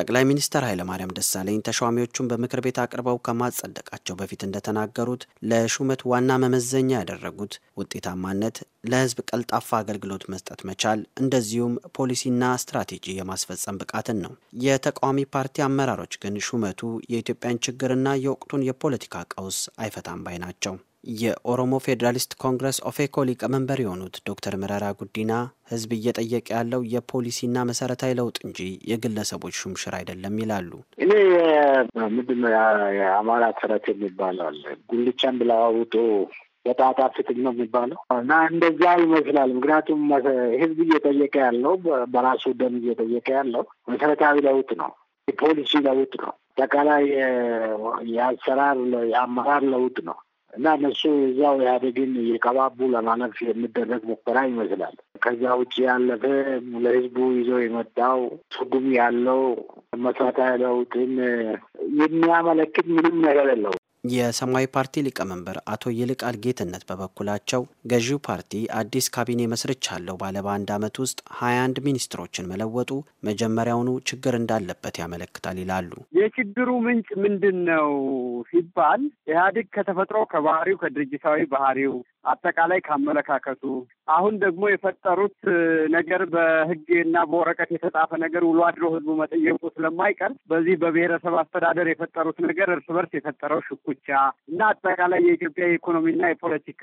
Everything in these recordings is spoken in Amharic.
ጠቅላይ ሚኒስትር ኃይለማርያም ደሳለኝ ተሿሚዎቹን በምክር ቤት አቅርበው ከማጸደቃቸው በፊት እንደተናገሩት ለሹመት ዋና መመዘኛ ያደረጉት ውጤታማነት፣ ለህዝብ ቀልጣፋ አገልግሎት መስጠት መቻል፣ እንደዚሁም ፖሊሲና ስትራቴጂ የማስፈጸም ብቃትን ነው። የተቃዋሚ ፓርቲ አመራሮች ግን ሹመቱ የኢትዮጵያን ችግርና የወቅቱን የፖለቲካ ቀውስ አይፈታም ባይ ናቸው። የኦሮሞ ፌዴራሊስት ኮንግረስ ኦፌኮ ሊቀመንበር የሆኑት ዶክተር መረራ ጉዲና ህዝብ እየጠየቀ ያለው የፖሊሲና መሰረታዊ ለውጥ እንጂ የግለሰቦች ሹምሽር አይደለም ይላሉ። እኔ ምንድን ነው የአማራ ተረት የሚባለው ጉልቻን ብላ አውጦ በጣጣ ነው የሚባለው እና እንደዛ ይመስላል። ምክንያቱም ህዝብ እየጠየቀ ያለው በራሱ ደም እየጠየቀ ያለው መሰረታዊ ለውጥ ነው፣ የፖሊሲ ለውጥ ነው፣ አጠቃላይ የአሰራር የአመራር ለውጥ ነው። እና እነሱ እዛው ኢህአዴግን እየቀባቡ ለማለፍ የሚደረግ ሙከራ ይመስላል። ከዛ ውጭ ያለፈ ለህዝቡ ይዘው የመጣው ትርጉም ያለው መሰረታዊ ለውጥን የሚያመለክት ምንም ነገር የለው። የሰማያዊ ፓርቲ ሊቀመንበር አቶ ይልቃል ጌትነት በበኩላቸው ገዢው ፓርቲ አዲስ ካቢኔ መስርቻለሁ ባለ በአንድ ዓመት ውስጥ ሀያ አንድ ሚኒስትሮችን መለወጡ መጀመሪያውኑ ችግር እንዳለበት ያመለክታል ይላሉ። የችግሩ ምንጭ ምንድን ነው ሲባል ኢህአዴግ ከተፈጥሮ ከባህሪው ከድርጅታዊ ባህሪው አጠቃላይ ካመለካከቱ አሁን ደግሞ የፈጠሩት ነገር በህግ እና በወረቀት የተጻፈ ነገር ውሎ አድሮ ህዝቡ መጠየቁ ስለማይቀር በዚህ በብሔረሰብ አስተዳደር የፈጠሩት ነገር እርስ በርስ የፈጠረው ሽኩቻ እና አጠቃላይ የኢትዮጵያ የኢኮኖሚና የፖለቲካ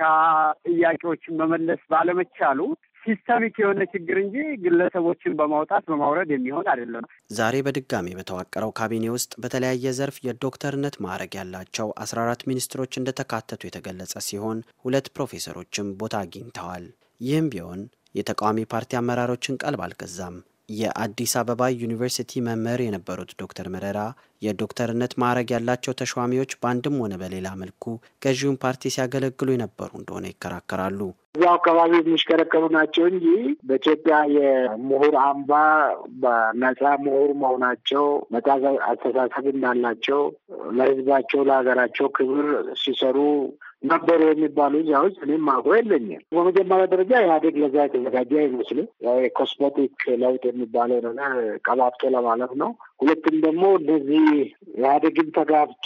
ጥያቄዎችን መመለስ ባለመቻሉ ሲስተሚክ የሆነ ችግር እንጂ ግለሰቦችን በማውጣት በማውረድ የሚሆን አይደለም። ዛሬ በድጋሚ በተዋቀረው ካቢኔ ውስጥ በተለያየ ዘርፍ የዶክተርነት ማዕረግ ያላቸው አስራ አራት ሚኒስትሮች እንደተካተቱ የተገለጸ ሲሆን ሁለት ፕሮፌሰሮችም ቦታ አግኝተዋል። ይህም ቢሆን የተቃዋሚ ፓርቲ አመራሮችን ቀልብ አልገዛም። የአዲስ አበባ ዩኒቨርሲቲ መምህር የነበሩት ዶክተር መረራ የዶክተርነት ማዕረግ ያላቸው ተሿሚዎች በአንድም ሆነ በሌላ መልኩ ገዢውን ፓርቲ ሲያገለግሉ የነበሩ እንደሆነ ይከራከራሉ። እዚያው አካባቢ የሚሽከረከሩ ናቸው እንጂ በኢትዮጵያ የምሁር አምባ በነጻ ምሁር መሆናቸው ነፃ አስተሳሰብ እንዳላቸው ለህዝባቸው ለሀገራቸው ክብር ሲሰሩ ነበሩ የሚባሉ እዚያዎች እኔም ማቆ የለኝም። በመጀመሪያ ደረጃ ኢህአዴግ ለዛ የተዘጋጀ አይመስልም። የኮስሜቲክ ለውጥ የሚባለው ነገር ቀባብቶ ለማለፍ ነው። ሁለትም ደግሞ እነዚህ ኢህአዴግን ተጋብቶ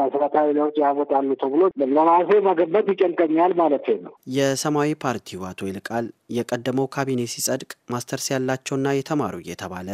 መሰረታዊ ለውጥ ያመጣሉ ተብሎ ለማሴ መገመት ይጨንቀኛል ማለት ነው። የሰማያዊ ፓርቲው አቶ ይልቃል የቀደመው ካቢኔ ሲጸድቅ ማስተርስ ያላቸውና የተማሩ እየተባለ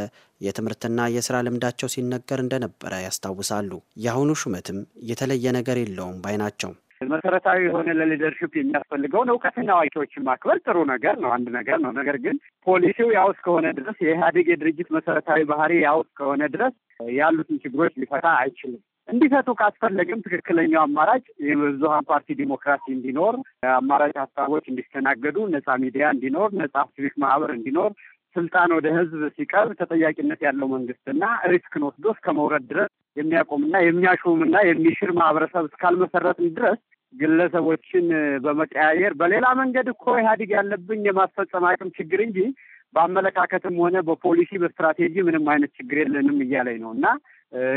የትምህርትና የስራ ልምዳቸው ሲነገር እንደነበረ ያስታውሳሉ። የአሁኑ ሹመትም የተለየ ነገር የለውም ባይ ናቸው። መሰረታዊ የሆነ ለሊደርሽፕ የሚያስፈልገውን እውቀትና አዋቂዎችን ማክበር ጥሩ ነገር ነው፣ አንድ ነገር ነው። ነገር ግን ፖሊሲው ያው እስከሆነ ድረስ የኢህአዴግ የድርጅት መሰረታዊ ባህሪ ያው እስከሆነ ድረስ ያሉትን ችግሮች ሊፈታ አይችልም። እንዲፈቱ ካስፈለግም ትክክለኛው አማራጭ የብዙሀን ፓርቲ ዲሞክራሲ እንዲኖር፣ አማራጭ ሀሳቦች እንዲስተናገዱ፣ ነጻ ሚዲያ እንዲኖር፣ ነጻ ሲቪክ ማህበር እንዲኖር፣ ስልጣን ወደ ህዝብ ሲቀርብ ተጠያቂነት ያለው መንግስትና ሪስክን ወስዶ እስከ መውረድ ድረስ የሚያቆምና የሚያሾምና የሚሽር ማህበረሰብ እስካልመሰረትን ድረስ ግለሰቦችን በመቀያየር በሌላ መንገድ እኮ ኢህአዴግ ያለብኝ የማስፈጸም አቅም ችግር እንጂ በአመለካከትም ሆነ በፖሊሲ በስትራቴጂ ምንም አይነት ችግር የለንም እያለኝ ነው እና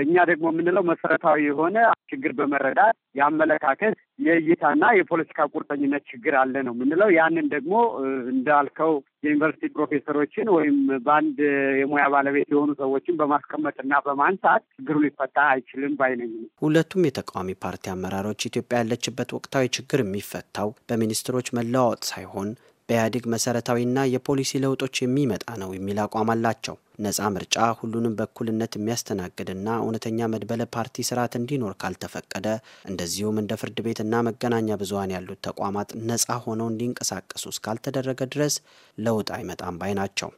እኛ ደግሞ የምንለው መሰረታዊ የሆነ ችግር በመረዳት የአመለካከት የእይታና የፖለቲካ ቁርጠኝነት ችግር አለ ነው የምንለው። ያንን ደግሞ እንዳልከው የዩኒቨርሲቲ ፕሮፌሰሮችን ወይም በአንድ የሙያ ባለቤት የሆኑ ሰዎችን በማስቀመጥና በማንሳት ችግሩ ሊፈታ አይችልም ባይነኝ። ሁለቱም የተቃዋሚ ፓርቲ አመራሮች ኢትዮጵያ ያለችበት ወቅታዊ ችግር የሚፈታው በሚኒስትሮች መለዋወጥ ሳይሆን በኢህአዴግ መሰረታዊና የፖሊሲ ለውጦች የሚመጣ ነው የሚል አቋም አላቸው። ነጻ ምርጫ ሁሉንም በእኩልነት የሚያስተናግድና እውነተኛ መድበለ ፓርቲ ስርዓት እንዲኖር ካልተፈቀደ እንደዚሁም እንደ ፍርድ ቤትና መገናኛ ብዙሀን ያሉት ተቋማት ነጻ ሆነው እንዲንቀሳቀሱ እስካልተደረገ ድረስ ለውጥ አይመጣም ባይ ናቸው።